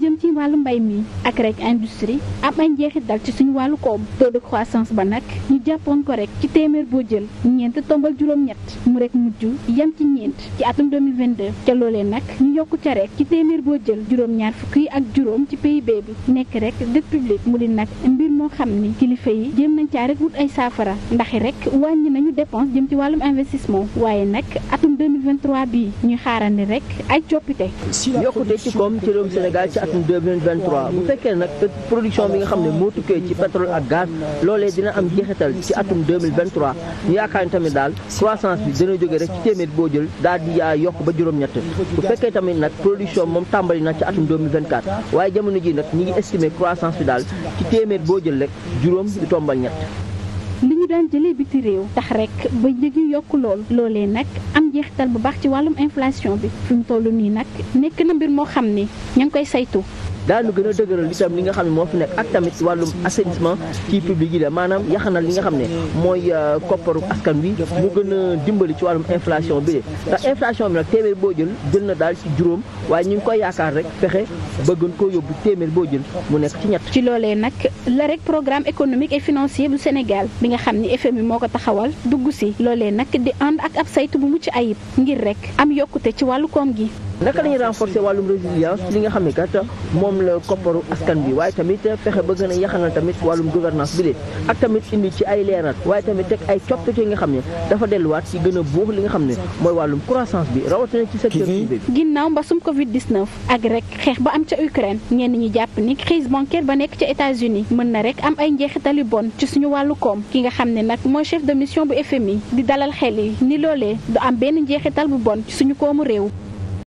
jëm ci wàllu mbay mi ak rek industrie am ay njeexital ci suñu wàllu koom taux de croissance ba nag ñu jàppoon ko rek ci téeméer boo jël ñeent tombal juróom-ñett mu rek mujj yem ci ñeent ci atum 2022 ca loole nag ñu yokku ca rek ci téeméer boo jël juróom-ñaar fukki ak juróom ci PIB bi nekk rek dette publique mu di nag mbir moo xam ni kilifa yi jéem nañ caa rek wut ay saafara ndax rek wàññi nañu dépense jëm ci wàllum investissement waaye nag 2023 bi ñu xaarandi rek ay coppite. yokkute ci koom ci réewum Sénégal ci atum 2023 bu fekkee nag production bi nga xam ne moo tukkee ci pétrole ak gaz loolee dina am jeexital ci atum 2023 ñu yaakaar ni tamit daal croissance bi dina jóge rek ci téeméer boo jël daal di yaa yokk ba juróom-ñett bu fekkee tamit nag production moom tàmbali na ci atum 2024 waaye jamono ji nag ñi ngi estimer croissance bi daal ci téeméer boo jël rek juróom di tombal ñett daan biti réew tax rek ba njëg yu yokk lool loolee nag am jeexital bu baax ci wàllum inflation bi fi mu toll nii nag nekk na mbir moo xam ni ña ngi koy saytu daanu gën a dëgëral itam li nga xam ne moo fi nekk ak tamit wàllum assainissement ci public yi la maanaam yaxanal li nga xam ne mooy euh, kopparu askan wi mu gën a dimbali ci wàllum inflation bi de ndax inflation bi nag téeméer boo jël jël na daal ci juróom waaye ñu ngi koy yaakaar rek fexe ba gën koo yóbbu téeméer boo jël mu nekk ci ñett. ci loolee nag la rek programme économique et financier bu Sénégal bi nga xam ni FMI moo ko taxawal dugg si loolee nag di ànd ak ab saytu bu mucc ayib ngir rek am yokkute ci wàllu koom gi. naka la ñuy renforcer wàllum résilience li nga xam ne kat moom la kopparu askan bi waaye tamit fexe ba gën a yaxanal tamit wàllum gouvernance bi lee ak tamit indi ci ay leeral waaye tamit teg ay coppite yi nga xam ne dafa delluwaat ci gën a buux li nga xam ne mooy wàllum croissance bi rawatina ci secteur privé bi ginnaaw mbasum covid 19 ak rek xeex ba am ca Ukraine ñenn ñi jàpp ni crise bancaire ba nekk ca États-Unis mën na rek am ay njeexital yu bon ci suñu wàllu koom ki nga xam ne nag mooy chef de mission bu FMI di dalal xel ni loolee du am benn njeexital bu bon ci suñu koomu réew